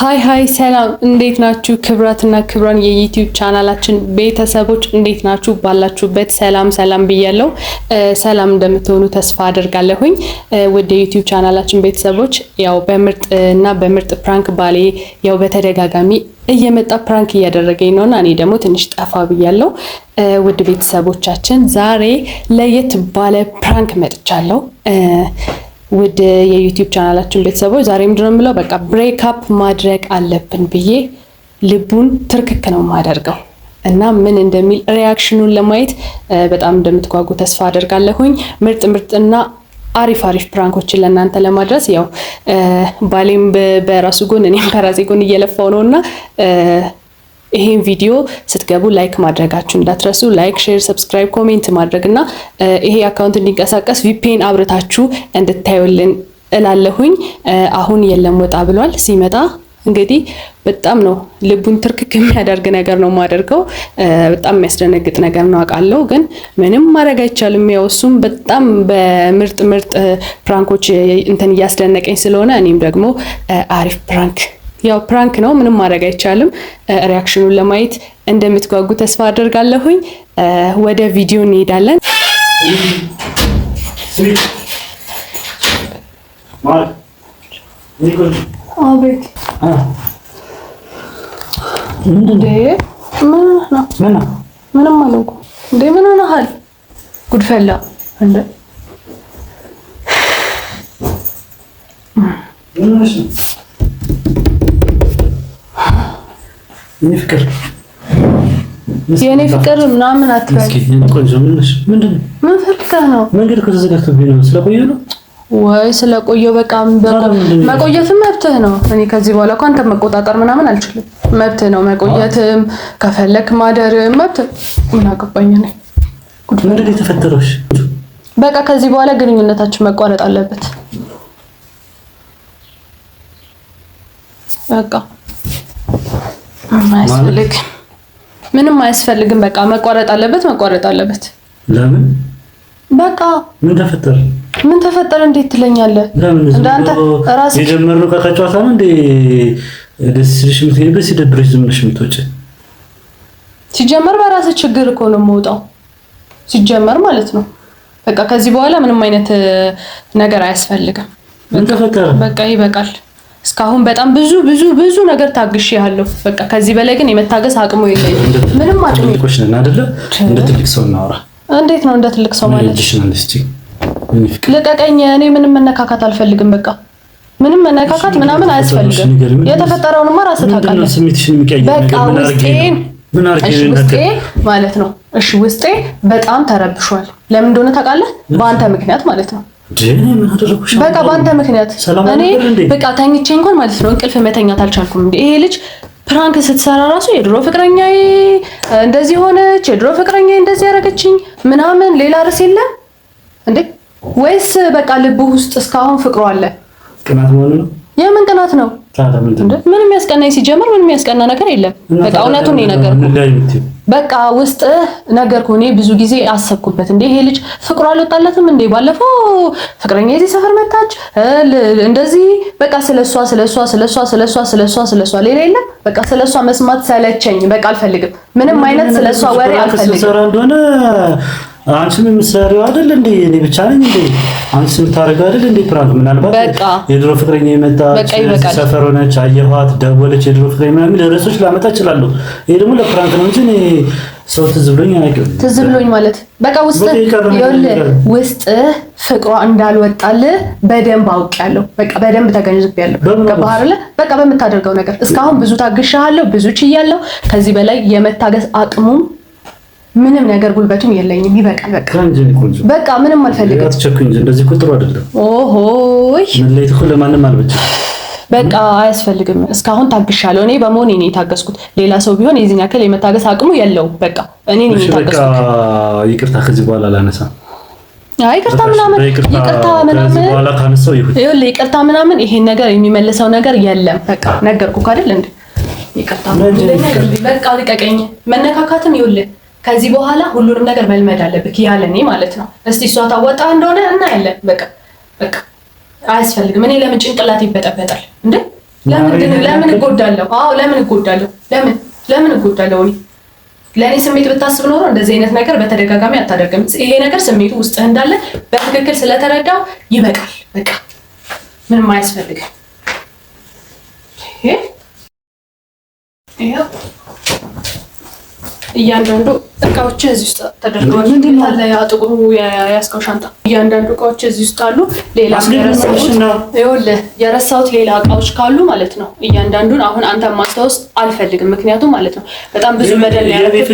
ሀይ ሀይ ሰላም፣ እንዴት ናችሁ? ክብራትና ክብራን የዩቲዩብ ቻናላችን ቤተሰቦች እንዴት ናችሁ? ባላችሁበት ሰላም ሰላም ብያለው። ሰላም እንደምትሆኑ ተስፋ አደርጋለሁኝ። ወደ ዩቲዩብ ቻናላችን ቤተሰቦች ያው በምርጥ እና በምርጥ ፕራንክ ባሌ ያው በተደጋጋሚ እየመጣ ፕራንክ እያደረገኝ ነውና እኔ ደግሞ ትንሽ ጠፋ ብያለው። ውድ ቤተሰቦቻችን ዛሬ ለየት ባለ ፕራንክ መጥቻለሁ። ውድ የዩቲዩብ ቻናላችን ቤተሰቦች ዛሬ ምንድነው የምለው በቃ ብሬክአፕ ማድረግ አለብን ብዬ ልቡን ትርክክ ነው የማደርገው እና ምን እንደሚል ሪያክሽኑን ለማየት በጣም እንደምትጓጉ ተስፋ አደርጋለሁኝ። ምርጥ ምርጥና አሪፍ አሪፍ ፕራንኮችን ለእናንተ ለማድረስ ያው ባሌም በራሱ ጎን እኔም በራሴ ጎን እየለፋው ነው እና ይሄን ቪዲዮ ስትገቡ ላይክ ማድረጋችሁ እንዳትረሱ። ላይክ፣ ሼር፣ ሰብስክራይብ፣ ኮሜንት ማድረግና ይሄ አካውንት እንዲንቀሳቀስ ቪፒኤን አብርታችሁ እንድታዩልን እላለሁኝ። አሁን የለም ወጣ ብሏል። ሲመጣ እንግዲህ በጣም ነው ልቡን ትርክክ የሚያደርግ ነገር ነው የማደርገው። በጣም የሚያስደነግጥ ነገር ነው አውቃለሁ፣ ግን ምንም ማድረግ አይቻልም። ያው እሱም በጣም በምርጥ ምርጥ ፕራንኮች እንትን እያስደነቀኝ ስለሆነ እኔም ደግሞ አሪፍ ፕራንክ ያው ፕራንክ ነው፣ ምንም ማድረግ አይቻልም። ሪያክሽኑን ለማየት እንደምትጓጉ ተስፋ አደርጋለሁኝ። ወደ ቪዲዮ እንሄዳለን። ምንም አለኩ እንዴ? ምን ሆነሃል? ጉድፈላ እንደ የኔ ፍቅር የኔ ፍቅር ምናምን አትበል። ቆንጆ ምንድን ነው ምን ፈልገህ ነው? መንገድ እኮ ተዘጋግቶብኝ ነው። ስለቆየሁ ነው ወይ ስለቆየሁ መቆየትም መብትህ ነው። እኔ ከዚህ በኋላ እኮ መቆጣጠር ምናምን አልችልም። መብትህ ነው መቆየትም፣ ከፈለክ ማደርም መብትህ። ምን አገባኝ እኔ ምንድን የተፈጠረው? በቃ ከዚህ በኋላ ግንኙነታችን መቋረጥ አለበት በቃ አያስፈልግም፣ ምንም አያስፈልግም። በቃ መቋረጥ አለበት፣ መቋረጥ አለበት። ለምን? በቃ ምን ተፈጠረ? ምን ተፈጠረ? እንዴት ትለኛለህ? እንዳንተ ራስህ የጀመርነው በቃ ጨዋታ ነው እንዴ? ደስ ሲልሽ የምትሄድበት ሲደብርሽ ዝም ብለሽ የምትወጪ ሲጀመር በራስህ ችግር እኮ ነው የምወጣው ሲጀመር ማለት ነው። በቃ ከዚህ በኋላ ምንም አይነት ነገር አያስፈልግም። በቃ ይበቃል። እስካሁን በጣም ብዙ ብዙ ብዙ ነገር ታግሽ ያለው በቃ ከዚህ በላይ ግን የመታገስ አቅሙ የለኝም። ምንም አቅሙ ይቆሽልን አይደለ? እንደ ትልቅ ሰው እናውራ። እንዴት ነው እንደ ትልቅ ሰው ማለት? ልቀቀኝ። እኔ ምንም መነካካት አልፈልግም። በቃ ምንም መነካካት ምናምን አያስፈልግም። የተፈጠረውንማ ራስህ ታውቃለህ። በቃ ውስጤን ውስጤ ማለት ነው እሺ፣ ውስጤ በጣም ተረብሿል። ለምን እንደሆነ ታውቃለህ? በአንተ ምክንያት ማለት ነው በቃ በአንተ ምክንያት እኔ በቃ ተኝቼ እንኳን ማለት ነው እንቅልፍ መተኛት አልቻልኩም። ይሄ ልጅ ፕራንክ ስትሰራ ራሱ የድሮ ፍቅረኛዬ እንደዚህ ሆነች፣ የድሮ ፍቅረኛዬ እንደዚህ ያደረገችኝ ምናምን ሌላ ርዕስ የለም እንዴ? ወይስ በቃ ልብ ውስጥ እስካሁን ፍቅሩ አለ? ቅናት ነው። የምን ቅናት ነው? ምንም ያስቀናኝ ሲጀምር ምንም ያስቀና ነገር የለም። በቃ እውነቱን ነው የነገርኩህ። በቃ ውስጥ ነገር እኔ ብዙ ጊዜ አሰብኩበት። እንዴ ይሄ ልጅ ፍቅሩ አልወጣለትም እንዴ? ባለፈው ፍቅረኛ የዚህ ሰፈር መጣች እንደዚህ በቃ ስለሷ ስለሷ ስለሷ ስለሷ ስለሷ ስለሷ ሌላ የለም። በቃ ስለሷ መስማት ሰለቸኝ። በቃ አልፈልግም፣ ምንም አይነት ስለሷ ወሬ አልፈልግም። አንቺም የምትሰሪው አይደል እንዴ? እኔ ብቻ ነኝ እንዴ? አንቺ የምታደርገው አይደል እንዴ? ፕራንክ ምናልባት የድሮ ፍቅረኛ የመጣች ሰፈር ሆነች፣ አየኋት፣ ደወለች፣ የድሮ ፍቅረኛ ምናምን ርዕሶች ላመጣ እችላለሁ። ይሄ ደግሞ ለፕራንክ ነው እንጂ እኔ ሰው ትዝ ብሎኝ አያውቅም። ትዝ ብሎኝ ማለት በቃ ውስጥ ውስጥ ፍቅሯ እንዳልወጣል በደንብ አውቄያለሁ። በቃ በደንብ ተገንዝቤያለሁ። ከባህር ላይ በቃ በምታደርገው ነገር እስካሁን ብዙ ታግሻለሁ፣ ብዙ ችያለሁ። ከዚህ በላይ የመታገስ አቅሙም ምንም ነገር ጉልበቱም የለኝም። ይበቃል። በቃ በቃ ምንም አልፈልግም። አትቸኩኝ። እንደዚህ ቁጥሩ አይደለም። ኦሆ ላይ ተኩል ለማንም አልበጭ በቃ አያስፈልግም። እስካሁን ታግሻለሁ። እኔ በመሆን እኔ የታገስኩት ሌላ ሰው ቢሆን የዚህን ያክል የመታገስ አቅሙ የለውም። በቃ እኔ ነኝ የታገስኩት። ይቅርታ ከዚህ በኋላ አላነሳም። አይ ይቅርታ ምናምን ይቅርታ ምናምን ይኸውልህ፣ ይቅርታ ምናምን ይሄን ነገር የሚመልሰው ነገር የለም። በቃ ነገርኩህ አይደል እንዴ? ይቅርታ በቃ ልቀቀኝ። መነካካትም ይኸውልህ ከዚህ በኋላ ሁሉንም ነገር መልመድ አለብህ ያለ እኔ ማለት ነው። እስቲ እሷ ታወጣ እንደሆነ እናያለን። በቃ በቃ አያስፈልግም። እኔ ለምን ጭንቅላት ይበጠበጣል እንዴ? ለምን ለምን እጎዳለሁ? አዎ ለምን እጎዳለሁ? ለምን ለምን እጎዳለሁ? ለእኔ ስሜት ብታስብ ኖሮ እንደዚህ አይነት ነገር በተደጋጋሚ አታደርግም። ይሄ ነገር ስሜቱ ውስጥ እንዳለ በትክክል ስለተረዳው ይበቃል። በቃ ምንም አያስፈልግም። ይሄ እያንዳንዱ እቃዎች እዚህ ውስጥ ተደርገዋል። ጥቁሩ ሻንጣ? እያንዳንዱ እቃዎች እዚህ ውስጥ አሉ። ሌላ የረሳሁት ሌላ እቃዎች ካሉ ማለት ነው እያንዳንዱን አሁን አንተ ማስታወስ አልፈልግም፣ ምክንያቱም ማለት ነው በጣም ብዙ መደል ያለብኝ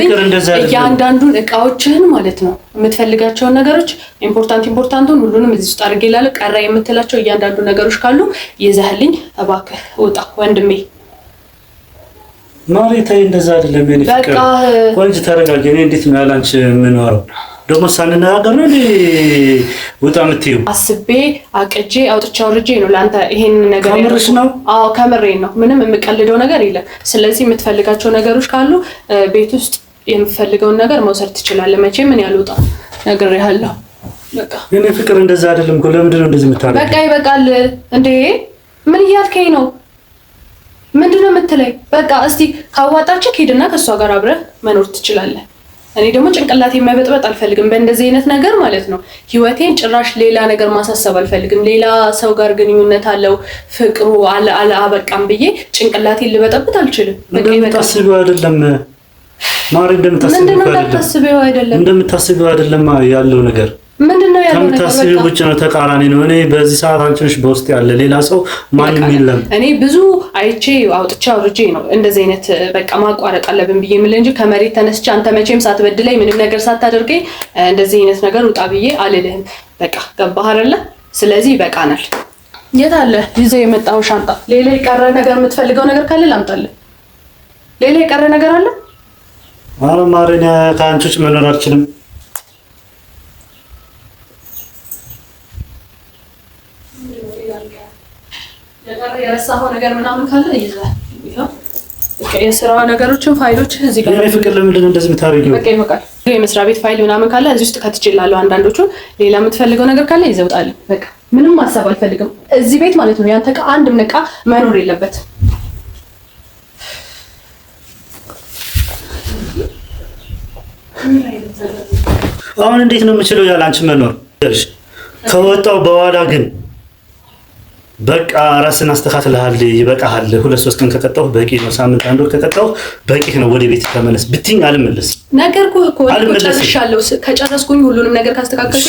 እያንዳንዱን እቃዎችህን ማለት ነው የምትፈልጋቸውን ነገሮች ኢምፖርታንት ኢምፖርታንቱን ሁሉንም እዚህ ውስጥ አድርጌ ላለ ቀረ የምትላቸው እያንዳንዱ ነገሮች ካሉ ይዘህልኝ እባክህ ውጣ ወንድሜ። ማሬታዬ እንደዛ አይደለም። እኔ ፍቅር ቆንጅ ተረጋጊ። እኔ እንዴት ነው ያለ አንቺ የምኖረው? ደግሞ ሳንነጋገር ነው ውጣ የምትይው? አስቤ አቅጄ አውጥቼ አውርጄ ነው ለአንተ ይሄን ነገር ከምርሽ ነው? አዎ ከምሬን ነው። ምንም የምቀልደው ነገር የለም። ስለዚህ የምትፈልጋቸው ነገሮች ካሉ ቤት ውስጥ የምፈልገውን ነገር መውሰድ ትችላለህ። መቼ ምን ያልወጣ ነገር ያለው እኔ ፍቅር እንደዛ አይደለም እኮ። ለምንድን ነው እንደዚህ የምታደርገው? በቃ ይበቃል እንዴ! ምን እያልከኝ ነው? ምንድነው የምትለኝ? በቃ እስቲ ካዋጣችህ ሄድና ከእሷ ጋር አብረህ መኖር ትችላለህ። እኔ ደግሞ ጭንቅላቴን መበጥበጥ አልፈልግም፣ በእንደዚህ አይነት ነገር ማለት ነው። ህይወቴን ጭራሽ ሌላ ነገር ማሳሰብ አልፈልግም። ሌላ ሰው ጋር ግንኙነት አለው ፍቅሩ አበቃም ብዬ ጭንቅላቴን ልበጠብጥ አልችልም። እንደምታስቢው አይደለም ማሪ፣ እንደምታስቢው አይደለም ያለው ነገር ምንድነው ያለው ነገር ከምታስቢው ውጭ ነው፣ ተቃራኒ ነው። እኔ በዚህ ሰዓት አንቺ ነሽ በውስጥ ያለ ሌላ ሰው ማንም የለም። እኔ ብዙ አይቼ አውጥቼ አውርጄ ነው እንደዚህ አይነት በቃ ማቋረጥ አለብን ብዬ የምልህ እንጂ ከመሬት ተነስቼ አንተ መቼም ሳትበድለኝ ምንም ነገር ሳታደርገኝ እንደዚህ አይነት ነገር ውጣ ብዬ አልልህም። በቃ ገባህ አይደለ? ስለዚህ ይበቃናል። የት አለ ይዘው የመጣው ሻንጣ? ሌላ የቀረ ነገር የምትፈልገው ነገር ካለ ላምጣልህ። ሌላ የቀረ ነገር አለ? ኧረ ማርያም ከአንቺ ውጭ መኖር አልችልም። የስራ ነገሮችን ፋይሎችህ እዚህ ጋር። ፍቅር ለምንድን እንደዚህ የምታደርጊው? በቃ የመስሪያ ቤት ፋይል ምናምን ካለ እዚህ ውስጥ ከትችላለሁ። አንዳንዶቹን ሌላ የምትፈልገው ነገር ካለ ይዘውጣል በቃ ምንም ማሰብ አልፈልግም እዚህ ቤት ማለት ነው። ያንተ ዕቃ አንድም ዕቃ መኖር የለበትም። አሁን እንዴት ነው የምችለው ያለ አንቺ መኖር ከወጣው በኋላ ግን በቃ ራስን አስተካክልሃል፣ ይበቃሃል። ሁለት ሶስት ቀን ከቀጣሁ በቂ ነው። ሳምንት አንድ ወር ከቀጣሁ በቂ ነው። ወደ ቤት ተመለስ ብትኝ አልመለስ። ነገር ጨርሻለሁ። ከጨረስኩኝ ሁሉንም ነገር ካስተካከልሽ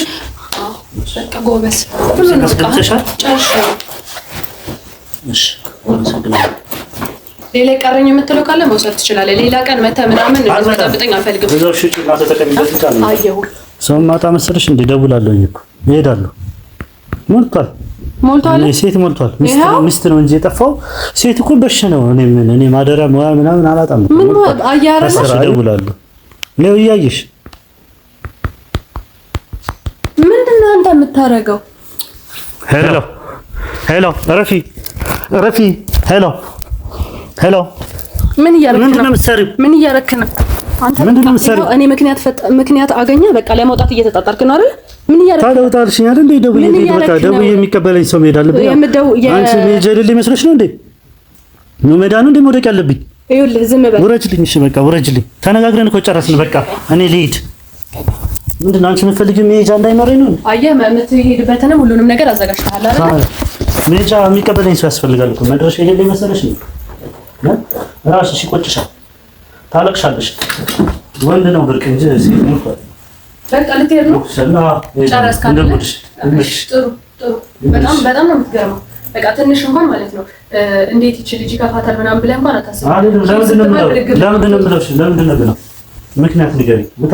ሌላ ቀረኝ የምትለው ካለ መውሰድ ትችላለህ። ሌላ ቀን መተህ ምናምን ጠብጠኝ አልፈልግም። ሰው ማጣ መሰለሽ እንደ ደውላለሁ እኮ እሄዳለሁ ሞልቷል ሞልቷል። ሴት ሞልቷል። ሚስት ነው እንጂ የጠፋው ሴት እኮ በሽ ነው። እኔ ምን እኔ ማደሪያ ሙያ ምናምን አላጣም። ምን አያረሽ ይደውላሉ። ነው እያየሽ ምንድን ነው አንተ የምታረገው? ሄሎ ሄሎ፣ ረፊ ረፊ፣ ሄሎ ሄሎ፣ ምን እያረክ ነው? ምን እያረክ ነው? አንተ ምክንያት አገኘ። በቃ ለመውጣት እየተጣጣርክ ነው አይደል? ምን አይደል እንዴ? ደውዬ እንዴ በቃ ደውዬ የሚቀበለኝ ሰው መሄድ አለብኝ። አንቺ መሄጃ የሌለ ይመስለሽ ነው እንዴ? ነው መዳኑ እንዴ መውደቅ ያለብኝ? ይኸውልህ ዝም በል ውረጅልኝ። እሺ በቃ ውረጅልኝ። ተነጋግረን እኮ ጨረስን። በቃ እኔ ልሂድ። ምንድን ነው አንቺ የምትፈልጊው? መሄጃ እንዳይኖረኝ ነው። አየህ የምትሄድበትንም ሁሉንም ነገር አዘጋጅተሃል አይደል? መሄጃ የሚቀበለኝ ሰው ያስፈልጋል እኮ መድረሻ የሌለ ይመስለሽ ነው? እራስሽ ይቆጭሻል፣ ታለቅሻለሽ። ወንድ ነው ብርቅ እንጂ በቃ ልትሄድ ነው? በጣም በጣም ነው የምትገርመው። በቃ ትንሽ እንኳን ማለት ነው እንዴት ይቺ ልጅ ይከፋታል ምናምን ብለህ እንኳን አታስብም። ለምንድን ነው የምለው? ምክንያት ንገሪኝ። ውጣ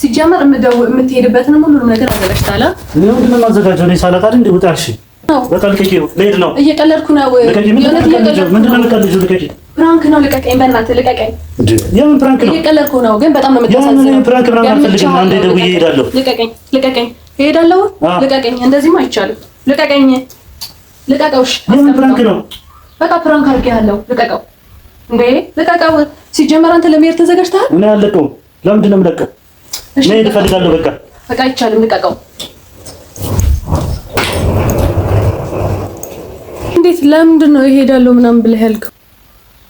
ሲጀመር የምትሄድበትንም ሁሉንም ነገር አዘጋጅተሃል። ምንድን ነው የማዘጋጀው? እኔ አይደል? ውጣ አልሽኝ። በቃ ልቀቂው። ልሄድ ነው። እየቀለድኩ ነው። ምንድን ነው የምትቀልጂው? ልቀቂው ፕራንክ ነው። ልቀቀኝ፣ በእናትህ ልቀቀኝ። የምን ፕራንክ ነው? እየቀለድኩ ነው፣ ግን በጣም ነው የምታሳዝነው። የምን ፕራንክ ምናምን አልፈልግም። አንዴ ደውዬ እሄዳለሁ። ልቀቀኝ፣ ልቀቀኝ፣ እሄዳለሁ። ልቀቀኝ፣ እንደዚህማ አይቻልም። ልቀቀኝ፣ ልቀቀው። የምን ፕራንክ ነው? በቃ ፕራንክ አድርጌሃለሁ። ልቀቀው፣ እንዴ ልቀቀው። ሲጀመር አንተ ለመሄድ ተዘጋጅተሃል። እኔ አልለቀውም። ለምንድን ነው የምለቀው? እኔ እፈልጋለሁ። በቃ በቃ አይቻልም። ልቀቀው። እንዴት? ለምንድን ነው እሄዳለሁ ምናምን ብለህ ያልከው?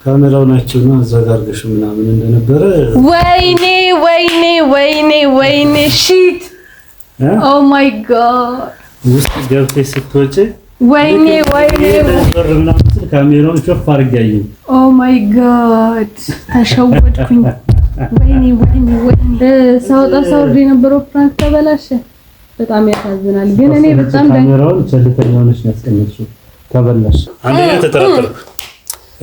ካሜራው ናቸው ነው ጋር አዘጋርገሽ ምናምን እንደነበረ። ወይኔ ወይኔ ወይኔ ወይኔ ሺት ኦ ማይ ጋድ! ውስጥ ገብተሽ ስትወጪ ወይኔ ወይኔ ካሜራውን ጮፍ አድርጊያለሁ። ኦ ማይ ጋድ! ተሸወድኩኝ። ወይኔ ወይኔ ወይኔ ሳውጣ ሳውርድ የነበረው ፕራንክ ተበላሸ። በጣም ያሳዝናል። ግን እኔ በጣም ካሜራውን ቸልተኛ ሆነሽ ነው ያስቀመጥሽው። ተበላሸ። አንዴ ተጠራጠርኩ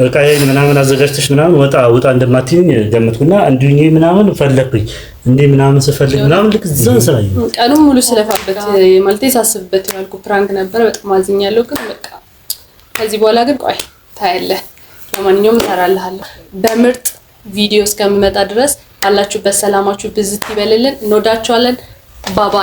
እቃዬ ምናምን አዘጋጅተሽ ምናምን ወጣ ውጣ እንደማትይኝ ገመትኩና እንዲሁ ምናምን ፈለግኩኝ እንዴ ምናምን ስፈልግ ምናምን ልክ እዛ ስራ ቀኑን ሙሉ ስለፋበት ማለቴ ሳስብበት ያልኩ ፕራንክ ነበረ። በጣም አዝኛለሁ። ግን በቃ ከዚህ በኋላ ግን ቆይ ታያለህ። ለማንኛውም እሰራልሃለሁ። በምርጥ ቪዲዮ እስከምመጣ ድረስ ያላችሁበት ሰላማችሁ ብዝት ይበልልን። እንወዳችኋለን። ባባ